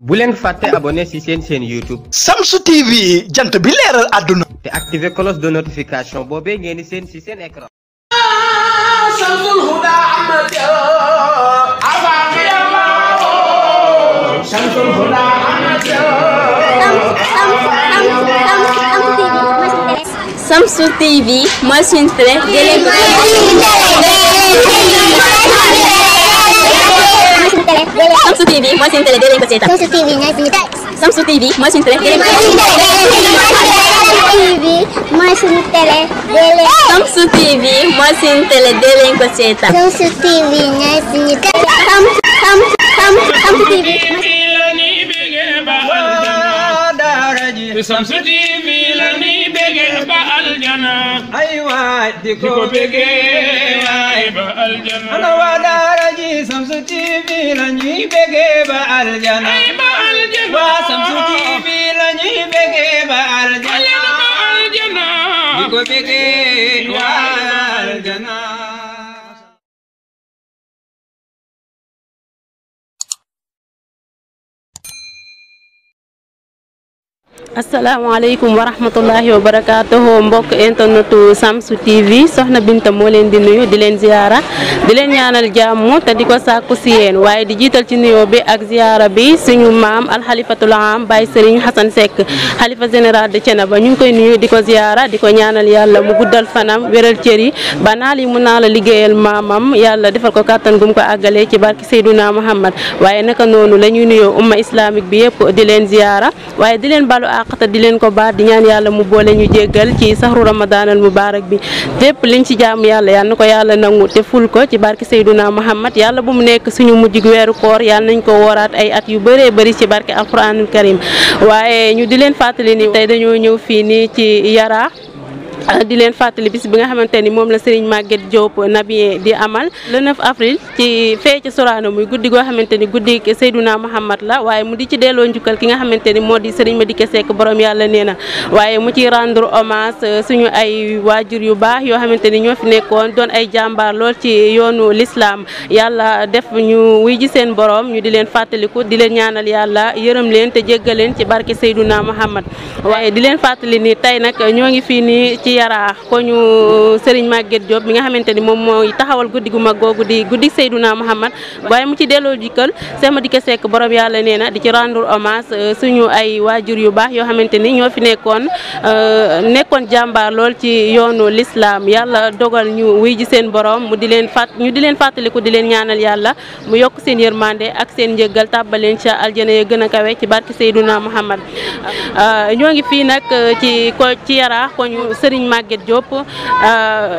bu leen faté abonné ci une chaîne YouTube. samsu TV jant bi à donner té activer cloche de notification bob ngéni sen ci un écran. samsu TV Samsu TV mooy suñu télé dee Samsu TV ñooy suñu télé. Samsu TV mooy suñu télé dee Samsu TV mooy suñu télé Samsu TV ñooy suñu télé. Samsu TV Samsu TV la ñuy bëgg ba aljana di ko bëggee waay ba aljana ba aljana asalaamaaleykum wa rahmatullahi wa barakaatuhu mbokk internetu Samsu TV soxna Binta moo leen di nuyu di leen ziyaara di leen ñaanal jàmm te di ko sàkku si yéen waaye di jiital ci nuyoo bi ak ziyaara bi suñu maam alxalifatul am Baye Serigne Xasan Seck xalifa général de Thiénaba ñu ngi koy nuyu di ko ziyaara di ko ñaanal yàlla mu guddal fanam wéral cër yi ba naal yi mu naa la liggéeyal maamam yàlla defal ko kàttan gum ko àggalee ci barki Seydouna Muhammad waaye naka noonu la ñuy nuyoo umma islamique bi yëpp di leen ziyaara àq te di leen ko baal di ñaan yàlla mu boole ñu jéggal ci saxru ramadaanal mubaarak bi lépp liñ ci jaamu yàlla yal na ko yàlla nangu te ful ko ci barke Seyduna Muhammad yàlla ba mu nekk suñu mujjug weeru koor yal nañ ko wooraat ay at yu bëree bëri ci barke alquranul karim waaye ñu di leen fàttali ni tey dañoo ñëw fii nii ci Yaraax Ah, di leen fàttali bis bi nga xamante ni moom la Serigne Maguette Diop Nabiye di amal le 9 avril ci fee ci Sorano muy guddi goo xamante ni guddi Seydouna Muhammad la waaye mu di ci delloo njukkal ki nga xamante moo di Serigne Madické Seck borom yàlla nee na waaye mu ci rendre hommage euh, suñu ay waajur yu baax yoo xamante ni ñoo fi nekkoon doon ay jàmbaar lool ci yoonu lislaam yàlla def ñu wuy ji seen boroom ñu di leen fàttaliku di leen ñaanal yàlla yërëm leen te jéggal leen ci barke Seydouna Muhammad waaye di ci Yaraax koñu Serigne Maguette Diop mi nga xamante ni moom mooy taxawal guddi gu mag googu di guddi Seydouna Muhammad waaye mu ci delloo jikkal Cheikh Madické Seck borom yàlla nee na di ci rendre hommage euh, suñu ay waajur yu baax yoo xamante ni ñoo fi nekkoon euh, nekkoon jàmbaar lool ci yoonu lislaam yàlla dogal ñu wuy ji seen boroom mu di leen fàtt ñu di leen fàttaliku di leen ñaanal yàlla mu yokk seen yërmande ak seen njëgal tàbbal leen ca aljana ya gën a kawe ci barke Seydouna Muhammad euh, ñoo Serigne Maguette Diop euh,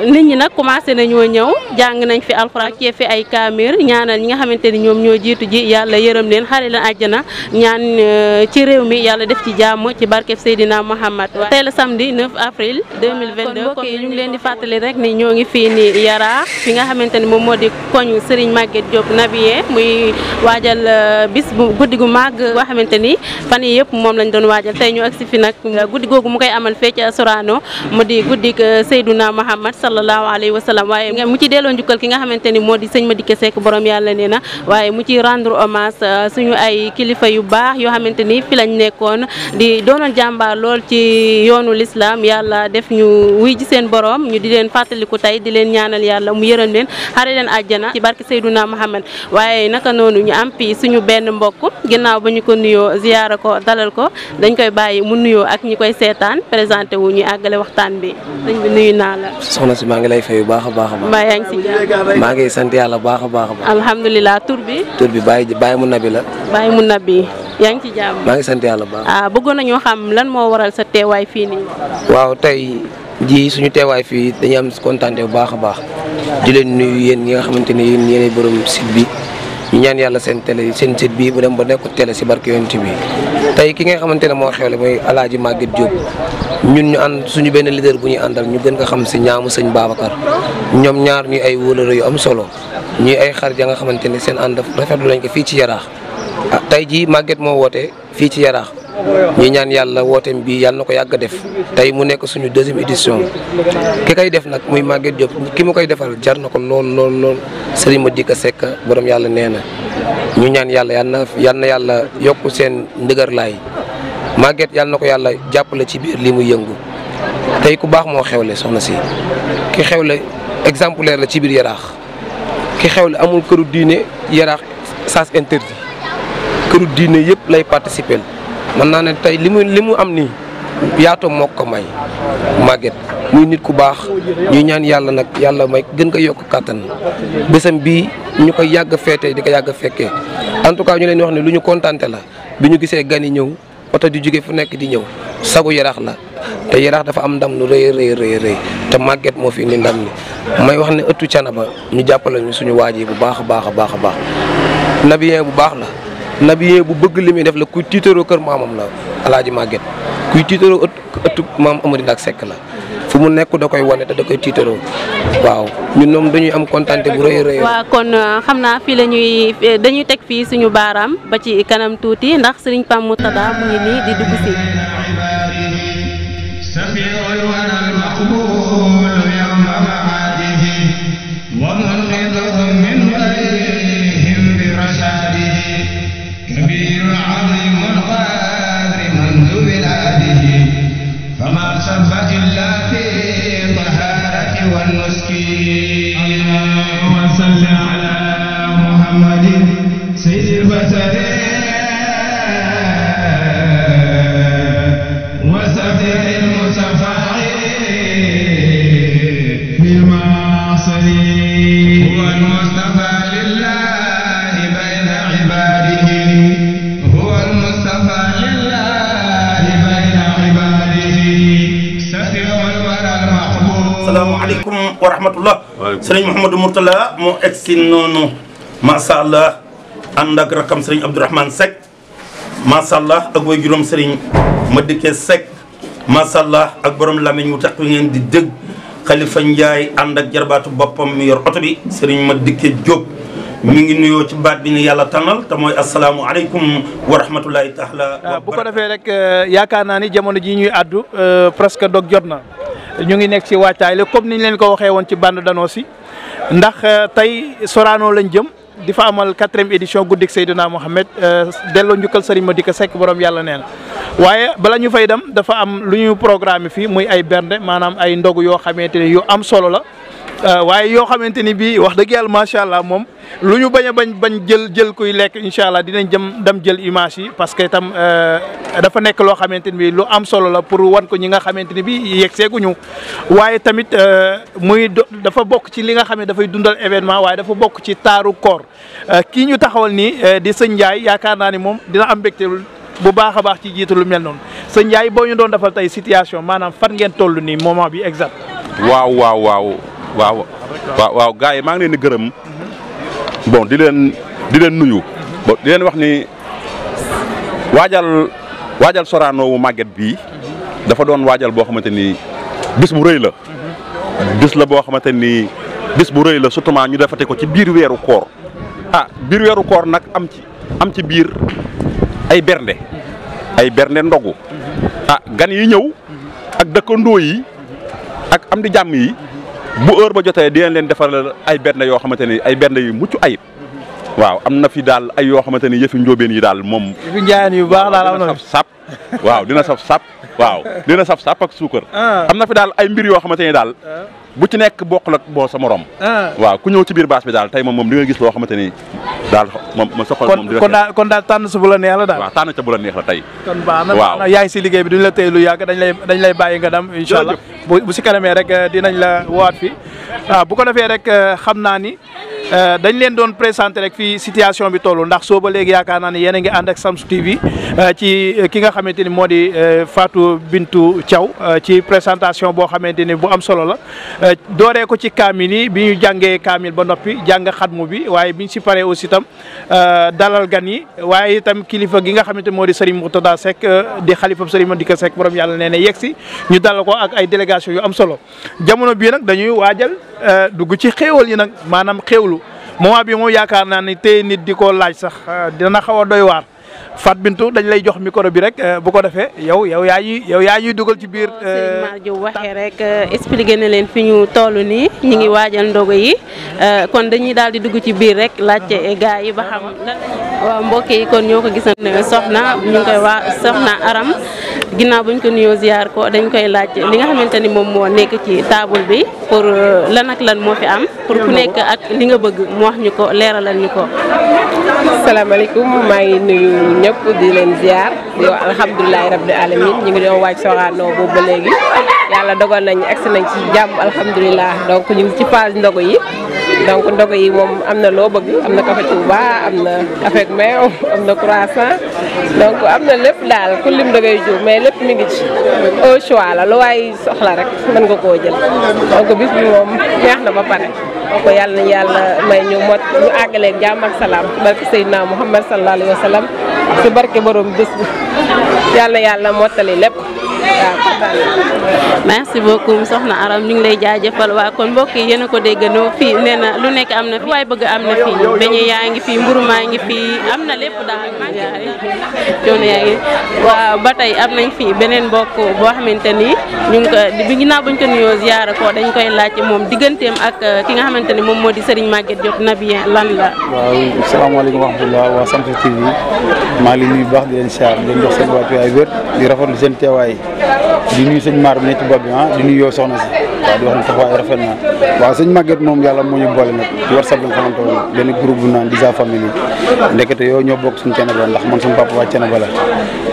nit ñi nag commencé nañoo ñëw jàng nañ fi alxuraan kee fi ay kaamir ñaanal ñi nga xamante ni ñoom ñoo jiitu ji yàlla yërëm leen xare leen àjjana ñaan euh, ci réew mi yàlla def ci jàmm ci barkeb Seydina Mouhamad tey la samedi 9 avril 2022 kon mbokk yi ñu ngi leen di fàttali rek ni ñoo ngi fii ni Yara fi nga xamante ni moom moo di koñu Serigne Maguette Diop Nabiye muy waajal euh, bis bu guddi gu màgg boo xamante ni fan yi yëpp moom lañ doon waajal tey ñu agsi fi nag guddi di guddik Seydouna Muhammad sallallahu alayhi wa sallam waaye mu ci delloo njukkal ki nga xamante ni moo di sëñ Madické Seck borom yàlla nee na waaye mu ci rendre hommage euh, suñu ay kilifa yu baax yoo xamante ni fi nekkoon di doonoon jàmbaar lool ci yoonu lislaam yàlla def ñu wuy ji seen borom ñu di leen fàttaliku tey di leen ñaanal yàlla mu yërëm leen xare leen àjjana ci barke Seydouna Muhammad waaye naka noonu ñu am fii suñu benn mbokk ginnaaw ba ko nuyoo ziyaara ko dalal ko dañ koy bàyyi mu nuyoo ak ñi bi naa soxna si maa ngi lay fay bu baax a baax a baax. mbaa yaa ngi si jàmm. maa ngi sant yàlla baax a baax a baax. alhamdulilah tur bi. tur bi Baye Baye Mounabi la. Baye Mounabi. yaa ngi ci jàmm. maa ngi sant yàlla baax. a ah, bëggoon nañoo xam lan moo waral sa teewaay fii nii. waaw tey ji suñu teewaay fii dañu am kontaan bu baax a baax di leen nuyu yéen ñi nga xamante ne yéen yéenay borom site bi ñu ñaan yàlla seen télé seen site bi bu dem ba nekk télé si barke yonent bi tey ki ngay xamante ne moo xewle mooy alaaji màgget Diop ñun ñu ànd suñu benn leader bu ñuy àndal ñu benn ko xam si ñaamu sëñ Babacar ñoom ñaar ñuy ay wóolare yu am solo ñuy ay xar ya nga xamante ne seen ànd rafetlu lañ ko fii ci yaraax ah tey jii Maguette moo woote fii ci yaraax ñi ñaan yàlla wooteem bi yàlla na ko yàgg a def tey mu nekk suñu deuxième édition ki koy def nag muy Maguette Diop ki mu koy defal jar na ko lool lool lool Serigne Madické Seck borom yàlla nee na ñu ñaan yàlla yal na yal yàlla yokk seen ndëgërlaay Maguette yàlla na ko yàlla jàppale ci biir li muy yëngu tey ku baax moo xewle soxna si ki xewle exemplaire la ci biir yaraax ki xewle amul këru diine yaraax sens interdit këru diine yëpp lay participer mën naa ne tey li mu li mu am nii yaatoo moo ko may màgget muy nit ku baax ñuy ñaan yàlla nag yàlla may gën ko yokk kàttan bésam bii ñu koy yàgg feete di ko yàgg fekkee en tout cas ñu leen wax ne lu ñu kontante la bi ñu gisee gan ñëw oto di jóge fu nekk di ñëw sagu yarax la te yarax dafa am ndam lu rëy rëy rëy te màgget moo fii indi ndam ni may wax ne ëttu cana ba ñu jàppale ñu suñu waajee bu baax a baax a baax a baax nabiyee bu baax la nabiye bu bëgg li muy def la kuy tiitaroo kër maamam la alaaji màgget kuy tiitaroo ëtt ëttu maam Amady Ndak sekk la fu mu nekku da koy wane te da koy tiitaroo waaw ñun ñoom dañuy am kontaante bu rëy rëy waaw kon euh, xam naa fii la dañuy teg fii suñu baaraam ba ci kanam tuuti ndax Serigne Pam Moutada mu ngi nii di dugg si asalaamaaleykum wa rahmatullah sëriñ Mouhamadou Mourtala moo egg si noonu macha allah ànd ak rakam sëriñ Abdourahmane Seck macha allah ak way juróom sëriñ Madické Seck macha allah ak borom lamiñ wu tax wi ngeen di dégg Khalifa Ndiaye ànd ak jarbaatu boppam mi yor oto bi sëriñ Madické Diop mi ngi nuyoo ci baat bi ni yàlla tànnal te mooy asalaamualeykum wa rahmatulahi taala ah, bu ko defee rek euh, yaakaar naa ni jamono ji ñuy àddu euh, presque dog jot na ñu ngi nekk ci wàccaay la comme niñ leen ko waxee woon ci bande d'annonce yi ndax euh, tey soraanoo lañ jëm di fa amal quatrième édition guddik Seydina Mohamed delloo njukkal Serigne Madické Seck boroom yàlla nee na waaye bala ñu fay dem dafa am lu ñuy programme fii muy ay bernde maanaam ay ndogu yoo xamante ne yu am solo la Euh, waaye yoo xamante ni bii wax dëgg yàlla macha allah moom lu ñu bañ a bañ bañ jël jël kuy lekk incha allah dinañ jëm dem jël image yi parce que itam euh, dafa nekk loo xamante ni bii lu am solo la pour wan ko ñi nga xamante ni bii yegg seeguñu waaye tamit euh, muy dafa bokk ci li nga xam ne dafay dundal événement waaye dafa bokk ci taaru koor kii ñu taxawal nii di sëñ Ndiaye yaakaar naa ni moom dina am mbégte bu baax a baax ci jiitu lu mel noonu sëñ Ndiaye boo ñu doon defal tey situation maanaam fan ngeen toll nii moment bi exact waaw waaw waaw yi maa ngi leen di gërëm bon di leen di leen nuyu di leen wax ni waajal waajal Sorano wu màgget bii dafa doon waajal boo xamante ni bis bu rëy la bis la boo xamante ni bis bu rëy la surtout ñu defate ko ci biir weeru koor ah biir weeru koor nag am ci am ci biir ay bernde ay bernde ndogu ah gan yi ñëw ak dëkkandoo yi ak am di jàmm yi bu heure ba jotee di leen defaral ay benn yoo xamante ni ay benn yu mucc ayib. waaw am na fi daal ay yoo xamante ni yëfi njóobeen yi daal moom. yëfi njaayeen yu baax daal am na saf sap waaw dina saf sap waaw dina saf sap ak suukar. Ah. am na fi daal ay mbir yoo xamante ni daal. Ah. bu ci nekk bokk ak boo sa morom. Ah. waaw ku ñëw ci biir baas bi daal tey moom moom di nga gis loo xamante ni daal moom ma soxal moom kon daal kon daal tànn sa bu la neex la daal waaw tànn sa bu la neex la tey kon baax na waaw yaa si liggéey bi duñ la tey lu yàgg dañ lay dañ lay bàyyi nga dem incha allah bu si kanamee rek eh, dinañ la woowaat fi waaw ah, bu ko defee rek eh, xam naa ni Euh, dañ leen doon présenté rek fi situation bi toll ndax sooba ba léegi yaakaar naa ne yéen ngi ànd ak Shamsu TV euh, ci euh, ki nga xamante ni moo di faatu bintu Thiaw ci présentation boo xamante ni bu am solo la dooree ko ci kaamil yi bi ñu jàngee kaamil ba noppi jàng xatmu bi waaye biñ si paree aussi itam dalal gan yi waaye itam kilifa gi nga xamante moo di Serigne Mourtada Seck di xalifa Serigne Madika Seck borom yàlla nee na yegg si ñu dalal ko ak ay délégation yu am solo Euh, dugg ci xéewal yi nag maanaam xéewlu moment bi moom yaakaar naa ne tey nit di ko laaj sax euh, dina xaw a doy waar Fat Bintou dañ lay jox micro bi rek euh, bu ko defee yow yow yaa ñuy yow yaa ñuy dugal ci biir. sëñ Mar Diop rek expliqué na leen fi ñu toll nii ñu ngi waajal ndogo yi kon dañuy daal di dugg ci biir rek laajte uh-huh. gaa yi ba xam waaw yi kon ñoo ko gisante soxna ñu ngi koy waa soxna Aram. ginnaaw ñu ko nuyoo ziar ko dañ koy laaj li nga xamante ni moom moo nekk ci taabul bi pour euh, lan ak lan moo fi am pour ku nekk ak li nga bëgg mu wax ñu ko leeralal ñu ko asalaamaaleykum maa ngi nuyu ñëpp di leen ziar di wax alhamdulilahi rabbil alamin ñu ngi doon waaj Sorano boobu ba léegi yàlla dogal nañ agsi nañ ci jàmm alhamdulilah donc ñu ngi ci phase ndogu yi donc ndogu yi moom am na loo bëgg am na café Touba am na café meew am na croissant donc am na lépp daal ku lim dangay jur mais lépp mi ngi ci au choix la lu waay soxla rek mën nga koo jël donc bis moom neex na ba pare donc yàlla na yàlla may ñu mot ñu àggaleeg jàmm ak salaam barke naa Muhammad sallallahu alayhi wa sallam ci barke borom bis bi yàlla yàlla mottali lépp merci beaucoup soxna Aram ñu ngi lay jaajëfal waa kon mbokk yi yéen a ko déggandoo fii nee na lu nekk am na fi waaye bëgg am na fi beñe yaa ngi fi mburu ngi fi am na lépp daal ba tey am nañ fi beneen mbokk boo xamante ni ñu ngi ko bi ginnaaw buñ ko nuyoo ziyaara ko dañ koy laaj moom digganteem ak uh, ki nga xamante ni moom moo di Serigne Maguette Diop Nabien lan la waaw salaamaaleykum wa rahmatulah waa Shamsu TV maa ngi leen nuyu bu baax di siyaar di jox seen waay wér di rafetlu seen teewaay di nuyu seigne mar bi ne ci bobu bi di nuyu yo soxna ci di wax ne taxawaay rafet na wa seigne Maguette mom yalla mo ñu bolé nak di WhatsApp lañ xamante woon ben groupe bu naan disa famille ndekete yo ñoo bok suñu Thiénaba ndax man suñu papa wa waa Thiénaba la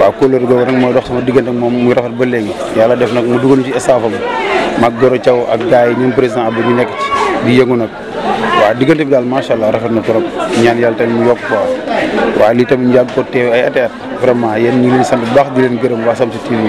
waaw kóllëre go nag moy dox sama digënd ak mom muy rafet ba légui yalla def nak mu duggal ci estafa bu mag Goro ciow ak gaay ñu président Abdou ñu nekk ci di yëngu nak wa digënd bi dal ma sha allah rafet na torop ñaan yalla tamit mu yok ko wa li tam ñu yàgg ko téw ay at vraiment yeen ñi ngi leen sant bu baax di leen gërëm wa sam ci TV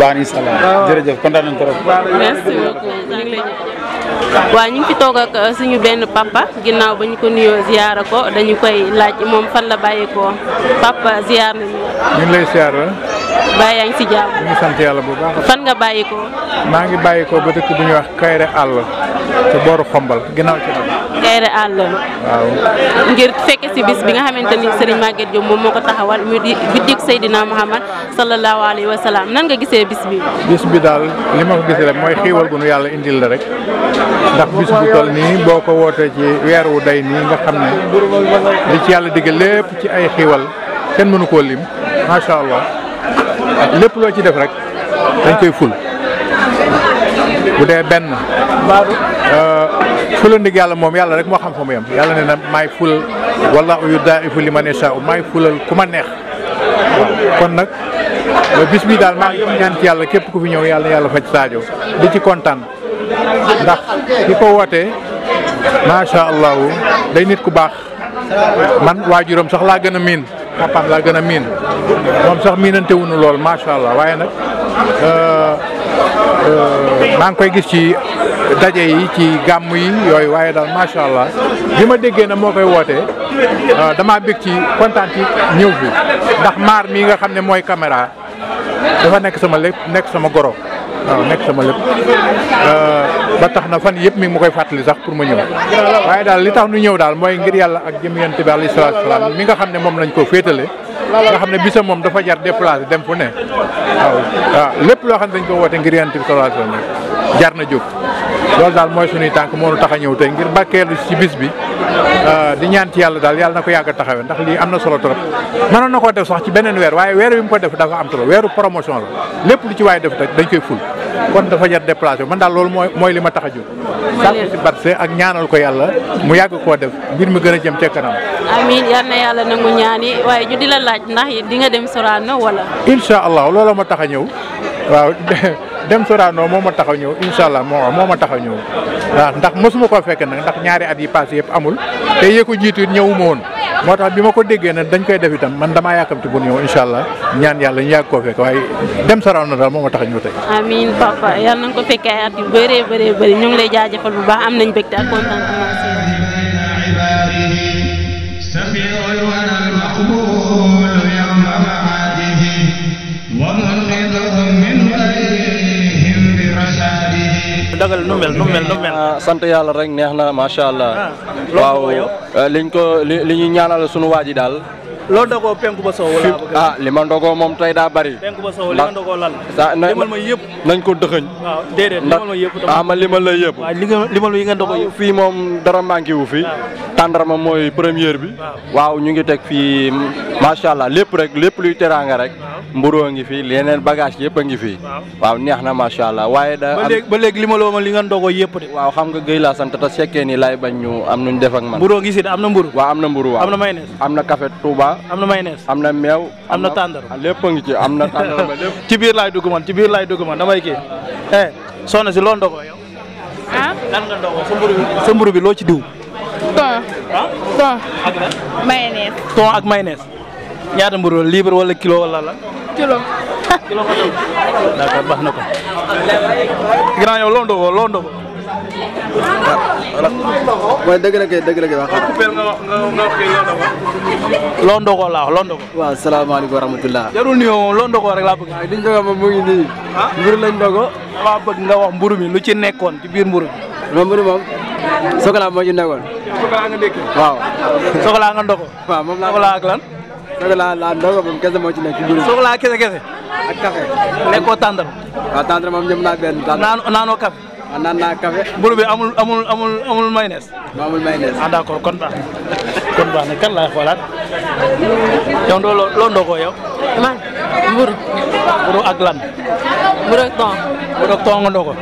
baax jërëjëf kontaan nañu trop. ñu ngi lay toog ak uh, suñu benn papa ginnaaw ba ñu ko nuyoo ziyaara ko dañu koy laaj moom fan la bàyyeekoo papa ziyaar nañu. ñu lay ziyaara. Ah. bayang yaa ngi si jàmm ñu sant yàlla bu baax fan nga bàyyi ko ngi bàyyi ba dëkk bu wax kayre àll ci booru xombal ginnaaw ci kayre àll waaw ngir fekke si bis bi nga xamante ni sëriñ Maguette Diop moom taxawal muy di guddik Seydina Muhammad sallallahu alayhi wa nan nga gisee bis bi bis bi ko gisee rek gu indil la rek ndax bis bu tol ci day nga li ci ci ay kenn mënu lim allah lepp lo ci def rek dañ koy ful bu dé dee benn euh, fulandik yalla mom yalla rek mo xam famu yam yalla yàlla ne na maay fulal wala yu daifu li ma ne fulal kuma neex kon nak bis bi dal ma ngi ñaan ci yàlla képp ku fi ñew yalla yalla fa ci saajo di ci contane ndax ki ko ma sha allah day nit ku bax man waajuram sax la gëna min papaam laa gën a miin moom sax miinante wuñu lool macha allah waaye nag euh, euh, maa ngi koy gis ci daje yi ci gàmm yi yooyu waaye daal macha allah bi ma déggee na moo koy wootee euh, damaa bég ci kontaan ci ñëw bi ndax maar mi nga xam ne mooy caméra dafa nekk sama lépp nekk sama goro. waaw nekk sama lépp euh, ba tax na fan yëpp mi ngi ma koy fàttali sax pour ma ñëw waaye daal li tax nu ñëw daal mooy ngir yàlla ak jëm yonent bi alayhi salaatu salaam mi nga xam ne moom lañ koo féetale nga xam ne bisa moom dafa jar déplacé dem fu ne waaw waaw lépp loo xam ne dañ ko woote ngir yant bi salaatu salaam jar na jóg loolu daal mooy suñuy tànk moo nu tax a ñëw tey ngir bàkkeelu ci bis bi Euh, di ñaan ci yàlla daal yàlla na ko yàgg a taxawee ndax lii am na solo trop mënoon na koo def sax ci beneen weer waaye weer wi mu ko def dafa am solo weeru promotion la lépp lu ci waaye def dañ koy ful kon dafa jar déplacé man daal loolu mooy mooy li ma tax a jóg sàkku si barse ak ñaanal ko yàlla mu yàgg koo def mbir mi gën a jëm ca kanam amin na yàlla nangu ñaani waaye ñu di la laaj ndax di nga dem Sorano wala insha allah loolu ma tax a ñëw waaw dem Sorano moo ma tax a ñëw incha allah moo moom a tax a ñëw waaw ndax mosuma koo fekk nag ndax ñaari at yi passé yëpp amul te yee ko jiitu ñëwuma woon moo tax bi ma ko déggee nag dañ koy def itam man damaa yàkkamti bu ñëw incha allah ñaan yàlla ñu yàgg koo fekk waaye dem Sorano daal moo a tax a ñëw tey. amiin papa yàlla nañ ko fekkee at yu bëree bëree ñu ngi lay jaajëfal bu baax am nañ mbégte ak kontaan dagal nu mel nu mel nu ah, sant yàlla rek neex na macha allah. waaw eh, liñ ko li li ñuy ñaanal sunu waa ji daal. loo dogoo penku ba sow wala ah li ma ndogoo moom tey daa bari. penku ba sow li ma la. limal ma yëpp nañ ko dëxëñ. waaw déedéet limal ma yëpp ah, ma la yëpp. waaw li nga limal yi nga ndogoo yëpp. fii moom dara manqué wu fi. tàndarma mooy première bi. waaw ñu ngi teg fii macha allah lépp rek lépp luy teraanga rek. mburoo ngi fi leneen bagage yëpp a ngi fi. waaw neex na macha allah waaye da. ba léegi ba léegi li ma la woon li nga ndogoo yëpp de. waaw xam nga Guèye laa sant te sekkee ni laay bañ ñu am nuñ def ak man. mburoo ngi si de am na mburu waaw am na mburu waaw am na mayonnaise. am na café Touba. am na mayonnaise am na meew. am na tàndar lépp a ngi ci am na ci biir laay dugg man ci biir laay dugg man damay kii eh, si loo ndogoo ah? sa mburu bi sa loo ci diw. ton. Ah? ton ak mayonnaise. ak mayonnaise. ñaata mburu libre wala kilo wala la kilo kilo ko da d'accord bax nako grand yow londo ko londo ko way deug la kay deug la kay wax londo ko la londo ko wa assalamu alaykum wa rahmatullah jarul ni londo ko rek la bëgg diñ joga ma mu ngi ni mburu lañ dogo wa bëgg nga wax mburu mi lu ci nekkon ci bir mburu lo mburu mom sokala mo ci nekkon sokala nga dekk wa sokala nga ndoko wa mom la ko la ak lan soxlaa la ndogo moom kese moo ci nekk ci kese kese. ak café. lekkoo tàndar. waaw tàndar moom ñëpp naa benn tàndar. naanoo naanoo café. Ah, naan naa café. mburu bi amul amul amul amul mayonnaise. amul mayonnaise. ah d'accord kon baax kon baax na kan man mburu. mburu ak lan. mburu ak ton. mburu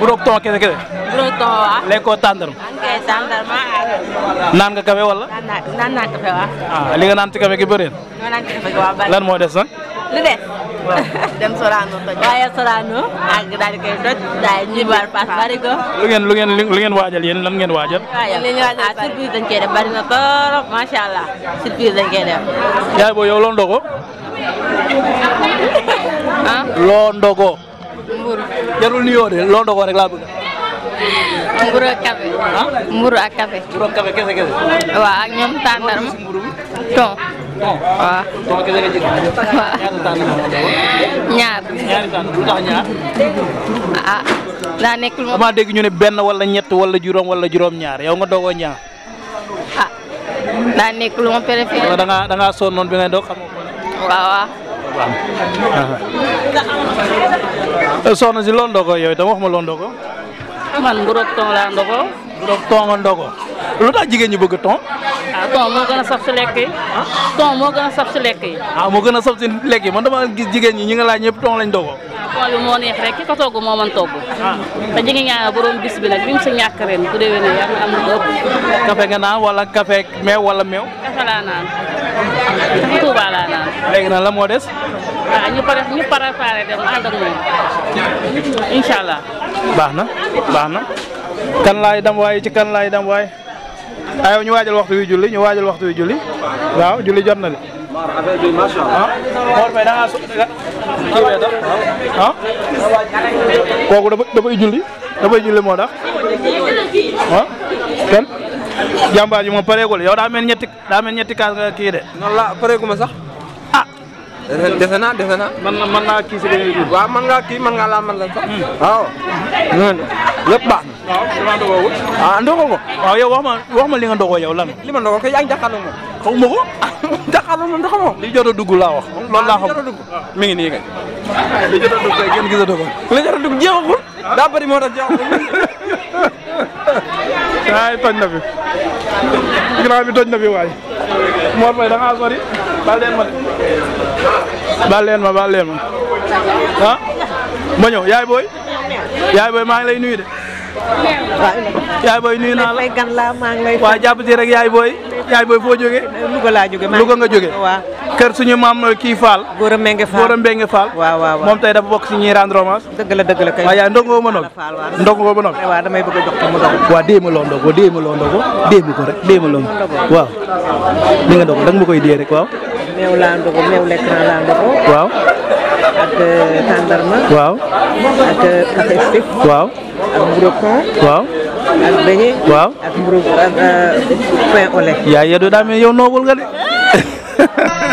Burokto kene kira Burokto ah. Leko tandar. Anke tandar ah. ma. Nan nga wala? Nan nan kafe wa. Ah, ah li nan ci kafe gi beureen. nan kafe gi wa bari. Lan mo dess nak? Lu dess. Dem Sorano toj. Waye Sorano ak dal kay toj day ñi war pass bari ko. Lu ngeen lu ngeen lu ngeen wajal yen lan ngeen wajal? Li ñu wajal surprise dañ koy def bari na torop ma sha Allah. Surprise dañ koy def. Yaay bo yow lo ndogo? Ah? Lo ndogo. mburu jarul nuyoo de loo ndoxoo rek laa bëgg. mburu ak café. ah ñoom tàndarma. ton. ton waaw. ñaar. ah daa nekkul ma. damaa ñu ne benn wala ñett wala juróom wala juróom-ñaar yow nga doogoo ñaar. ah daa nekk lu ma préféré. da bi ngay doog xam waaw. Eh, soxna si loolu ndogo yow itam wax ma loolu ndogo. man nguroog ton laa ndogo. nguroog ton ndogo. lu tax jigéen ñi bëgg ton. a ah, saf si lekk moo gën a saf si lekk yi. Ah? Ah, moo gën a saf si lekk yi man dama gis jigéen ñi ñi nga laaj ñëpp ton lañ ndogo. xool moo neex rek ki ko togg moo mën togg ah. te ñi ngi borom bis bi nag bi mu si ñàkk ren bu déwé ne yàlla am lu café nga naan wala café meew wala meew café laa naan café Touba laa naan léegi nag la moo des ah ñu pare ñu préparé dem ànd ak moom incha allah baax na baax na kan lay dem waaye ci kan laay dem waaye ayow ñu waajal waxtu wi julli ñu waajal waxtu wi julli waaw julli jot na maar affaire bi macha allah. Mor ah, Mbaye da ngaa so ah? kooku da dafay julli dafay julli moo tax. ah kenn jàmbaar ji moom pareegul yow daa mel ñetti daa mel ñetti kaas kii de. ma sax. defe naa defe naa. man na mën naa kii si beneen bi. waaw mën ngaa kii hmm. mën ngaa laa mën la sax. waaw. lépp baax na. waaw damaa ndogoo wut. ah ndogoo ko. waaw yow wax ma wax ma li nga ndogoo yow lan. li ma ndogoo ko yaa ngi jàkkaarloo moom. xaw ma ko. jàkkaarloo moom ndax li jot dugg laa wax. loolu laa xam mi ngi nii kay. li jot dugg kay ngeen gisatoo ko. li jot dugg jeexagul. daa bëri moo tax jeexagul. waay toj na fi. ginnaaw bi toj na fi waay. Mor Faye da ngaa sori. baal leen ma baal leen ma baal leen ma ah ma ñëw yaay booy yaay booy maa ngi lay nuyu de. yaay booy nuyu naa la gan la maa ngi lay. waaw jàpp si rek yaay booy. yaay booy foo jógee. Louga laa jógee maa Louga nga jógee. waaw kër suñu maam kii Fall. Gora Mbengue Fall Gora Mbengue Fall. waaw waaw moom tey dafa bokk si ñuy rendre hommage. dëgg la dëgg la kay. waaw yaay ndongo ma noog ndongo ma noog. waaw damay bëgg a jox ko mu doon. waaw dee ma loo ndogo dee ma loo ndogo dee ma ko rek dee ma loo. waaw li nga ndogo danga ma koy dee rek meew laa ndogu meew lekk naa laa ndogu. waaw. ak euh, tàndarma. waaw. ak euh, café stick. waaw. ak mburu kon. waaw. ak beñe. waaw ak mburu ak euh, pain au lait. yaa ngi doon daal mais yow noobul nga de.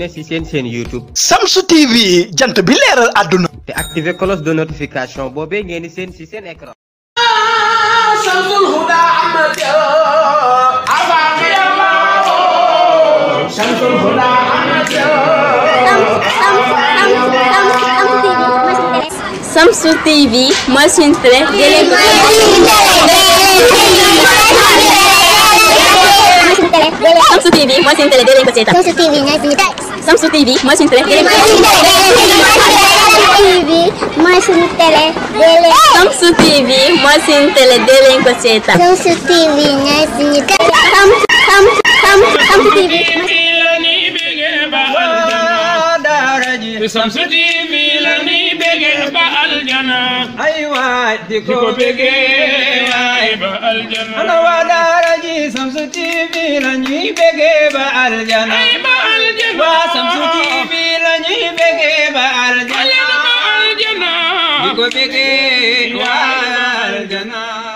abonné ci seen seen youtube samsu tv jant bi leral aduna té activer cloche de notification bobé ngeen di seen ci seen écran samsul huda ahmad samsul huda ahmad samsu tv masih suñu Samsung TV, masin tele TV, masin Samsung TV, TV, TV, nice Samsung Samsung Samsung TV. ba aljana ay waay di ko bege waay ba aljana ana waa daara ji Shamsu TV la ñuy bege ba aljana ay ba aljana waa Shamsu TV la ñuy bege ba aljana di ko bege waay aljana